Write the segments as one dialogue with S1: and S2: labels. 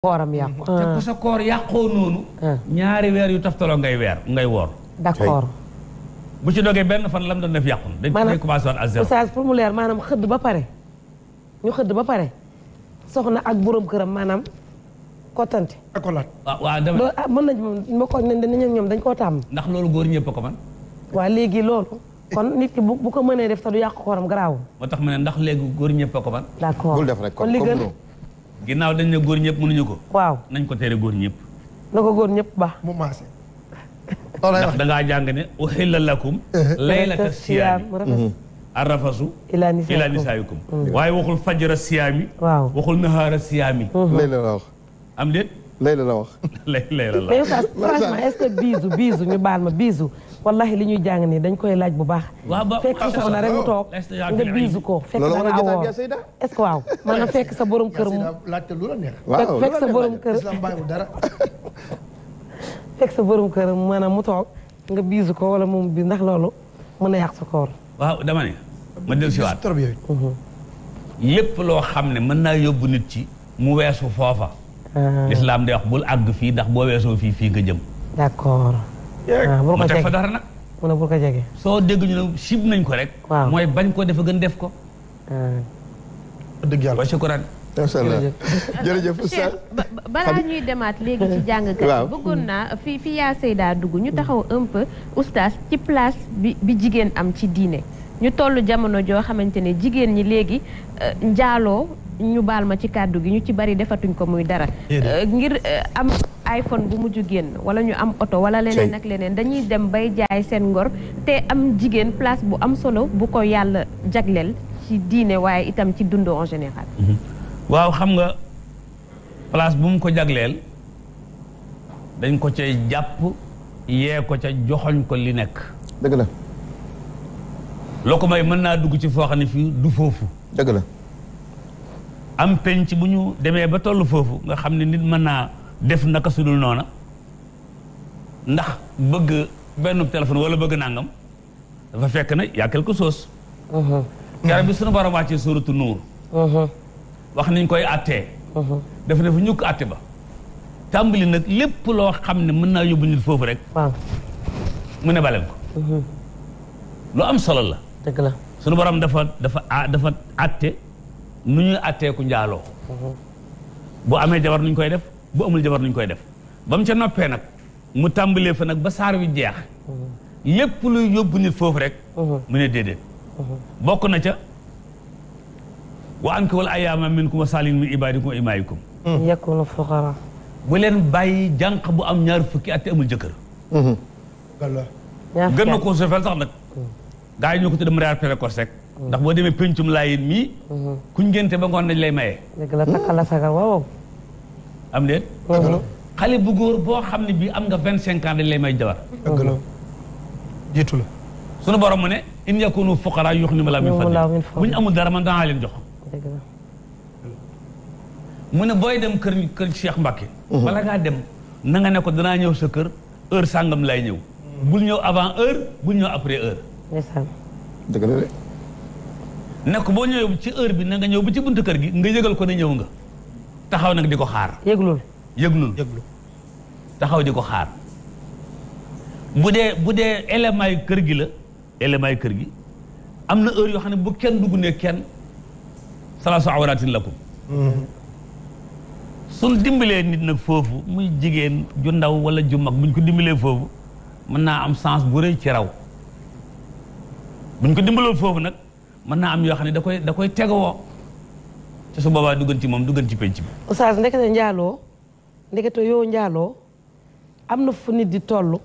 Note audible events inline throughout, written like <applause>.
S1: kooram yàqu. te ku ah. sa koor yàqoo noonu.
S2: Ah. ñaari weer yu taftaloo ngay weer ngay woor. d'accord bu ci dogee benn fan lam doon def yàqu. maanaam dañ koy commencé
S1: pour mu leer maanaam xëdd ba pare ñu xëdd ba pare soxna ak borom këram maanaam kottante. akolaat
S2: ah, waaw waaw dama loolu
S1: ah mën nañu ma ko nañu ñoom dañ koo tàmm. ndax loolu góor ñëpp ko man. waa léegi loolu. kon nit ki bu bu ko mënee def sa du yàq kooram garaaw.
S2: moo tax ma ne ndax léegi góor ñëpp a ko man. d'accord bul def rek kon comme ginnaaw dañ ne góor ñëpp ñu ko. waaw nañ ko tere góor ñëpp. na ko góor ñëpp baax. mu maase. <laughs> ndax da ngaa jàng ne uhilla lakum <laughs> laylata siyaami mhm. arrafasu ilaa nisaayikum mhm. waaye waxul fajara siyaami. waaw waxul nahaara siyaami. Mhm. am déet. Layla la wax. <laughs> Layla la mais
S1: franchement est-ce que biisu biisu ñu baal ma biisu wallahi li ñuy jàng nii dañ koy laaj bu baax. fekk soxna rek mu toog nga biisu ko. fekk da nga awoo est-ce <laughs> sa borom kër mu
S3: laajte lu la sa borom kër
S1: <laughs> fekk sa borom kër maanaam mu toog nga biisu ko wala moom bi ndax loolu mën na yàq sa koor.
S2: waaw dama ne. ma dellu si waat
S1: mhm.
S2: lépp loo xam ne mën naa yóbbu nit ci mu weesu foofa. Euh, lislaam day wax bul àgg fii ndax boo weesoo fii fii nga jëm. d'accord. Ah, bul ko teg fa dara nag. ko jege. soo dégg ñu ne sib nañ ko rek. mooy bañ ko dafa gën def ko. Ah. dëgg yàlla wa shukuran. macha allah
S3: jërëjëf
S1: <laughs> balaa ñuy demaat léegi ci <laughs> jàngkat yi bëggoon naa fi fi yaa Seyda dugg ñu taxaw un peu ci place bi bi jigéen am ci diine ñu toll jamono joo xamante ne jigéen ñi léegi euh, njaaloo ñu baal ma ci kàddu gi ñu ci bari defatuñ ko muy dara euh, ngir euh, am iPhone bu mujj génn wala ñu am oto wala leneen ak leneen dañuy dem bay jaay seen ngor te am jigéen place bu am solo bu ko yàlla jagleel ci diine waaye itam ci dund en général mhm.
S2: waaw xam nga place bu mu ko jagleel dañ ko cay jàpp yee ko ca joxoñ ko li nekk dëgg la loo ko may mën naa dugg ci foo xam ne fii du foofu dëgg la am penc bu ñu demee ba tollu foofu nga xam ne nit mën naa def naka sudul noona ndax bëgg benn téléphone wala bëgg nangam dafa fekk na y ko soos chose mhm. garab bi suñu borom wàccee suratu nuur mhm. wax niñ koy attee mhm. dafa ne fu ñukk tàmbali nag lépp loo xam ne mën naa yóbbu nit foofu rek mu ne balem ko lu am solo la dëgg la suñu dafa dafa atte nu ñuy atteeku njaaloo bu amee jabar nuñ koy def bu amul jabar nuñ koy def ba mu ca noppee nag mu tàmbalee fa nag ba saar wi jeex lépp luy yóbbu nit foofu rek mu ne déedéet bokk na ca wa anki wal ayaama minkum wa saalin min ibadikum imaayikum bu leen bàyyi jànq bu am ñaar fukki at amul jëkkër
S3: gën na ko sofel sax nag mm.
S2: gaa yi ñoo ko tudde mariage précoce rek Mm-hmm. ndax boo demee pencum laayin mii. Mm-hmm. ku ngénte ba ngoon dañ lay maye.
S1: dëgg la takka la mm-hmm.
S2: am déet. xale bu góor boo xam ne bii am nga vingt cinquant ans dañ lay may jabar. dëgg la jiitu la. sunu ne. in yakunu fuqara yuxnihimu llaahu min dara man danaa leen jox. ne booy dem kër kër Cheikh Mbacke. bala ngaa dem na ne ko danaa ñëw sa kër heure sàngam lay ñëw. bul ñëw avant heure bul ñëw après heure. nekk boo ñëwee ci heure bi na nga ñëw ba ci buntu kër gi nga yëgal ko na ñëw nga taxaw nag di ko xaar. yëglul yëglul yëglul taxaw di ko xaar bu dee bu dee élément kër gi la élément yi kër gi am na heure yoo xam ne bu kenn dugg ne kenn salaasu la lakum mm-hmm. suñ dimbalee nit nag foofu muy jigéen ju ndaw wala ju mag buñ ko dimbalee foofu mën naa am sens bu rëy ci raw buñ ko dimbaloo foofu nag. mën naa am yoo xam ne da koy da koy tegoo te su boobaa duggan ci moom duggan ci penc bi.
S1: oustaz ndekete njaaloo ndekete yoo njaaloo am na fu nit di tollu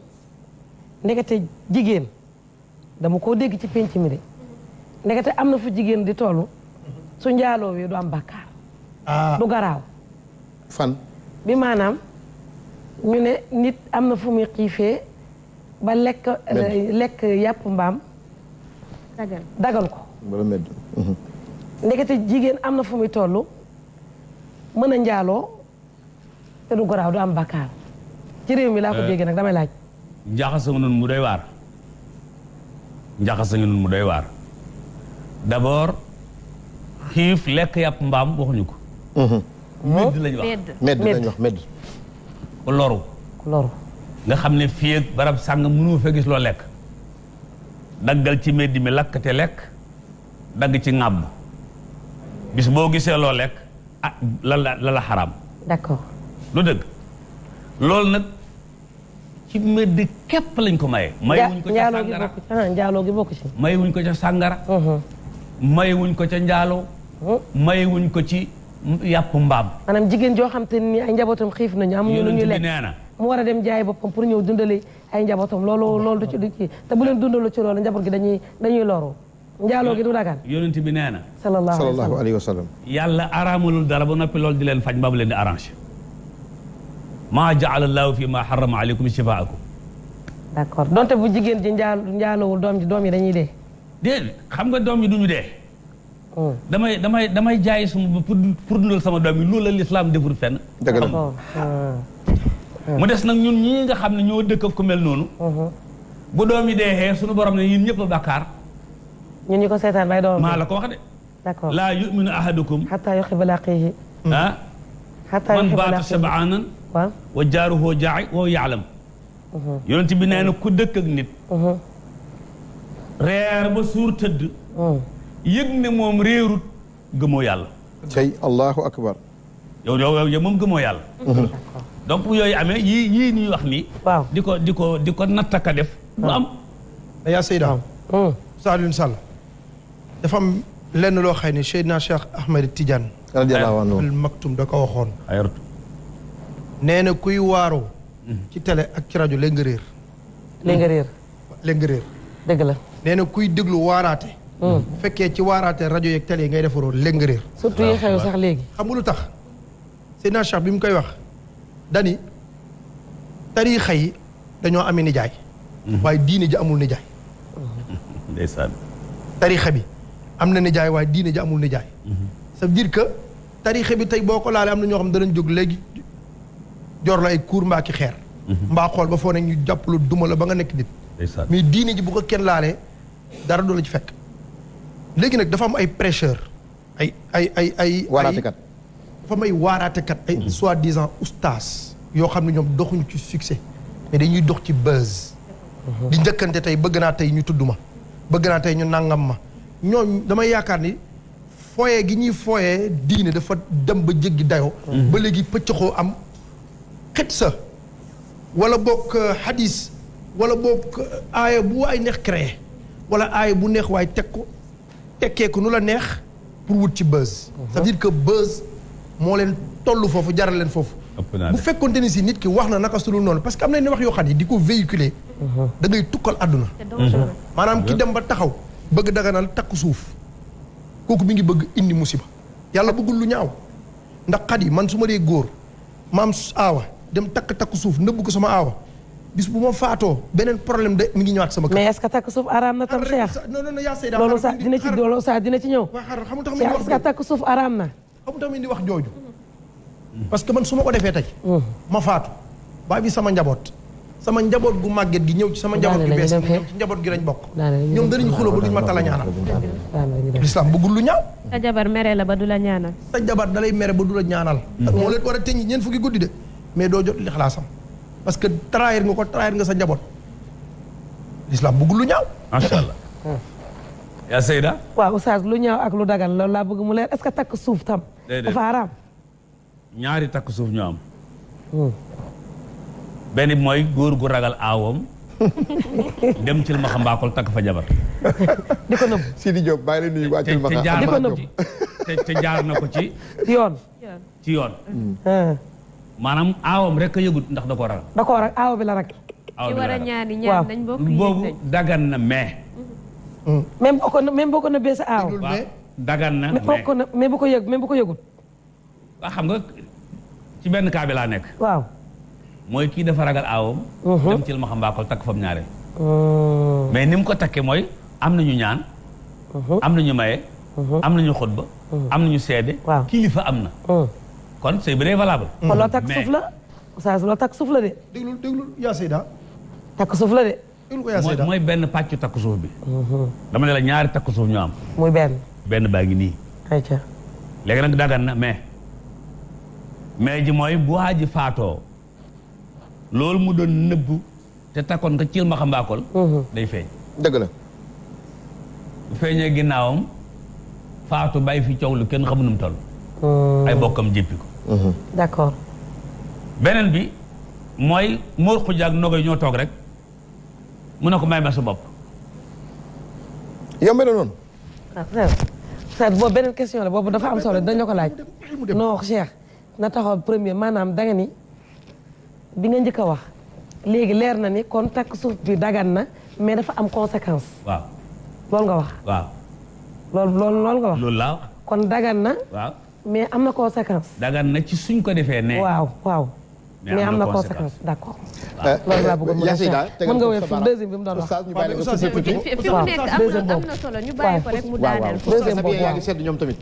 S1: ndekete jigéen dama koo dégg ci penc mi de ndekete am na fu jigéen di toll su njaaloo wee du am bàkkaar. ah du garaaw. fan. bi maanaam ñu ne nit am na fu muy xiifee ba lekk lekk yàpp mbaam. dagal dagal ko. wala medd ndekete jigéen am na fu muy toll mën a njaaloo te du goraaw du am bakkaar ci réew mi laa ko euh, déggee nag damay laaj
S2: njaxasa nga noonu mu doy waar njaxasa nga noonu mu doy waar d'abord xiif lekk yàpp mbaam waxuñu ko mhm. medd lañ wax medd ku loru nga xam ne fi ak barab sàng mënoo fa gis loo lekk daggal ci medd mi lakk te lekk dag ci ngab bis bo gisee lolek ah, la la la haram d'accord lu deug lol nak ci med kep lañ ko maye wuñ ko ci sangara ndialo gi bokk ci wuñ ko hmm sàngara wuñ ko ca wuñ ko ci yap manam
S1: jigen jo ay njabotam xif na ñu mu wara dem jaay bopam pour ñew dundale ay njabotam lolo lolo du ci du ci te bu len dundalu ci lolo njabot gi dañuy dañuy loro njaaloo gi du dagan
S2: yonent bi nee na
S1: sallallahu
S2: alayhi yàlla araamalul dara ba noppi loolu di leen faj mbaa leen di arrangé maa jaala fi ma harrama aleykum shifaakum
S1: d' donte bu jigéen ji njaal njaalowul doom ji doom yi dañuy dee
S2: déedéet xam nga doom yi duñu dee hmm. damay damay damay jaay suma pour pour dundal sama doom yi loolu la lislaam deful fenn dëgg la hmm. mu des nag ñun ñii nga xam ne ñoo dëkk ak noonu hmm. bu doom yi deexee suñu borom ne yéen ñëpp a
S1: ñun ñu ko maa la
S2: ko wax de. d'accord laa ahadukum. Hmm. man baata sabaanan. waaw wa jaaruhu jaa'i wa ya'lam. Mhm. yonent bi nee na ku dëkk nit. Mhm. reer ba suur tëdd. Hmm. yëg ne moom réerut gëmoo yàlla. tey allahu akbar. yow yow yow moom gëmoo yàlla. Mhm. donc yooyu amee yii yii ñuy wax nii. di ko di ko di ko nattaka def. am. yaa Seydou. Hmm. Saloum dafa lenn loo
S3: xay ne Seydina Cheikh Ahmed Tidiane. radiyallahu anhu al maktum da ko waxoon. nee na kuy waaroo. ci tele ak ci rajo léegi nga réer. léegi nga dëgg la nee na kuy déglu waaraate. Hmm. fekkee ci waaraate rajo yeeg télé yi ngay defaroo roon nga réer. surtout yi xew sax léegi. xam lu tax Seydina Cheikh bi mu koy wax dani tariixa yi dañoo amee nijaay. Hmm. waaye diine ji amul nijaay. ndeysaan. bi. am na nijaay waaye diine ji amul nijaay. Mhm. ça veut dire que tariixa bi tey boo ko laalee am na ñoo xam ne danañ jóg léegi jor ay kuur mbaa ki xeer. Mhm. mbaa xool ba foo ne ñu jàpp la duma la ba nga nekk nit. mais diine ji bu ko kenn laalee dara du la ci fekk. léegi nag dafa am ay prêcheur ay ay ay ay. waaraatekat dafa am ay waaraatekat ay mhm. soi-disant oustaz. yoo xam ne ñoom doxuñ ci succès mais dañuy dox ci buzz. di njëkkante tey bëgg naa tey ñu tudd ma bëgg naa tey nangam ma. ñoom dama yaakaar ni foyee gi ñuy foyee diine dafa dem ba jéggi dayo mm-hmm. ba léegi pëccëxoo am xet sa wala boog euh, hadis wala boog euh, aaya bu waay neex créé wala aaya bu neex waay teg ko tekkee ko nu la neex pour wut ci buzz. c'est-à-dire mm-hmm. que buzz moo leen toll foofu jaral leen foofu. bu fekkonte ni si nit ki wax na naka sulul dul noonu parce que am na ne wax yoo xam ne di ko véhiculer. Mm-hmm. da ngay tukkal àdduna. maanaam ki dem ba taxaw. bëgg daganal takk suuf kooku mi ngi bëgg indi musiba yàlla bëggul lu ñaaw ndax xat yi man su ma dee góor maam dem takk takk suuf nëbb ko sama awa, bis bu ma faatoo beneen problème de mi ngi ñëwaat sama kër. mais est ce que takk suuf araam na tam. Cheikh non non yaa Seyda loolu sax dina ci loolu
S1: sax dina ci ñëw.
S3: xaaral xam nga tax est ce que
S1: takk suuf araam na.
S3: xam nga tax di wax jooju. parce que man su ma ko defee tey. Mm. ma faatu baa bi sama njaboot sama njabot gu màgget gi ñew ci sama njabot gi bes ci njabot gi lañ bok ñom dañu xulo bu duñ ma tala ñaanal l'islam bëggul lu ñaaw
S1: ta jabar mere la ba du la ñaanal
S3: ta jabar dalay mere ba du la ñaanal mm. mo leen wara teñ ñen fukki guddi de mais do jot l'ikhlasam parce que trahir nga ko trahir nga sa njabot
S2: l'islam bëggul lu ñaaw inshallah mm. ya sayda
S1: wa oustaz lu ñaaw ak lu dagan lool la bëgg mu leer est ce que tak suuf tam dafa araam
S2: ñaari tak suuf ñu am mm. benn bi mooy góor gu ragal aawoom dem ci ma takk fa jabar di ko nëbb Sidi Diop bàyyi la nuyu waa ci te jaar na ko ci yoon ci yoon hmm. maanaam aawam rek a yëgut ndax da koo ragal da ragal aaw bi la rek aaw rek ñaar nañ bokk boobu dagan na mais hmm.
S1: même boo ko même boo ko nëbbee sa
S2: aaw dagan na
S1: mais bu ko yëg même bu ko yëgut
S2: waa xam nga ci benn kaa bi laa nekk mooy kii dafa ragal aawam. Mhm. dem ci ma xam mbaakol takk fam ñaare. Mhm. mais ni mu ko takkee mooy am nañu ñaan. Mhm. am nañu maye. am nañu xutba. am nañu seede. waaw kilifa am na. kon sëy bi day valable. kon loo takk suuf la
S1: saa su loo takk suuf de. mooy
S2: benn pàccu takk suuf bi. dama ne la ñaari takk suuf ñu am. muy benn. benn baa ngi nii. ayca léegi nag dagan na mais. mais ji mooy bu waaji faatoo. loolu mu doon nëbbu te takkoon ko ciil ma xambaakool mhm. day feeñ dëgg la bu feeñee ginnaawam faatu bàyyi fi coow lu kenn xamu nu mu toll mhm. ay bokkam jéppi ko mhm. d'accord beneen bi mooy Mor Xuja ak ñoo toog rek mu ne ko may ma sa bopp
S1: yombe na noonu sa ah, boobu beneen question la boobu dafa am solo dañu ko laaj non Cheikh na taxaw premier maanaam danga ni bi nga njëkk a wax léegi leer na ni kon takk suuf bi daggan na mais dafa am conséquence. waaw nga wax.
S2: waaw loolu loolu loolu nga wax. loolu laa
S1: kon dagan na. waaw am na conséquence.
S2: dagan na ci suñ ko defee nee. waaw waaw. mais am na conséquence d' accord. Euh, loolu laa euh, bëggoon nga wéy fi mu doon wax.
S1: fi am na solo ñu bàyyi ko rek mu daaneel ko. deuxième boobu waaw yaa ngi seetlu
S3: ñoom tamit.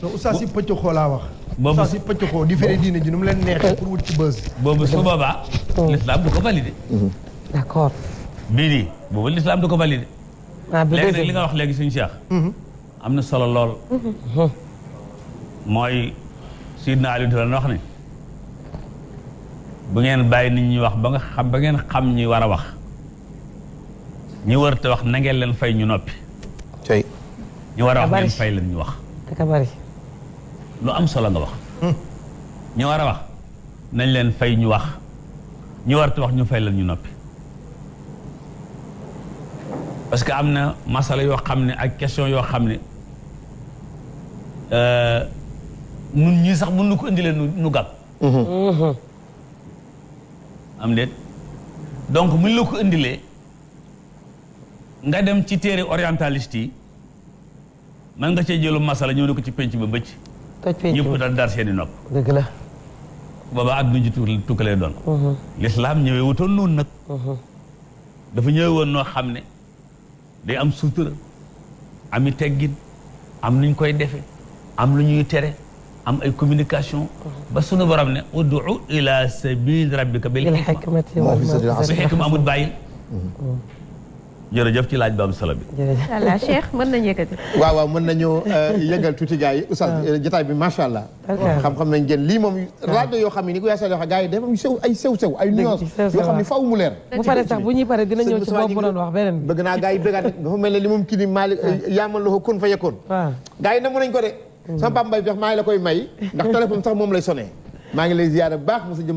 S3: moo xool sa pëcc xoolaa wax. boobu si pëcc ko di fere diine ji nu mu leen neexee pour wut ci bës.
S2: boobu su boobaa. Mm. l'islam du ko validé. Mhm. d'accord. bii nii l'islam du ko validé. ah bi mhm. li nga wax léegi suñu cheikh. am solo lool. mooy Sidna Ali doon wax ne. bu ngeen bàyyi nit ñi wax ba nga xam ba ngeen xam ñi war wax. ñi war wax na ngeen leen fay ñu noppi. tey. ñi war wax ngeen fay len ñu wax. lu am solo nga wax. Hmm. ñu war a wax nañ leen fay ñu wax ñu wartu wax ñu fay leen ñu noppi. parce que am na masala yoo xam ne ak question yoo xam ne mun euh, ñii sax mun nu ko indilee nu gàpp hmm. Hmm. am déet donc mun la ko indilee nga dem ci téere orientaliste yi mën nga cee jëlu masala ñëw ne ko ci penc ba bëcc toj fii ñëpp daal daar seen i nopp. dëgg la. booba àdduna ji tukki lay doon. Mhm. lislaam ñëwee wutoon noonu nag. Mhm. dafa ñëwee woon noo xam ne day am sutura ami teggin am nuñ koy defe am lu ñuy tere am ay communication. Mhm. ba suñu borom ne ud'u ila sabili rabbika bil hikmati wal maw'izati amul bàyyil jërëjëf ci laaj ba am solo bi.
S1: jërëjëf allah Cheikh
S3: mën nañu yëkkati. waaw waaw mën nañu euh, yëgal tuuti gars yi oustaz ah. euh, jotaay bi macha allah. xam-xam nañ gën lii moom. Ah. rajo yoo xam ne ni ko yaasal yoo xam gars yi dafa sew ay sew sew ay nuance yoo xam ne faaw mu leer. bu paree sax bu ñuy paree dina ñëw ci boobu noonu wax beneen bi. bëgg naa gars yi bëggaat dafa mel ne li moom kii di Malick ah. euh, yaamal la ko kon fa yekkoon. waaw gars yi namu nañ ko de. Mm. sama papa mbay bi maa ngi la koy may ndax <laughs> téléphone sax moom lay sonné maa ngi lay ziyaara baax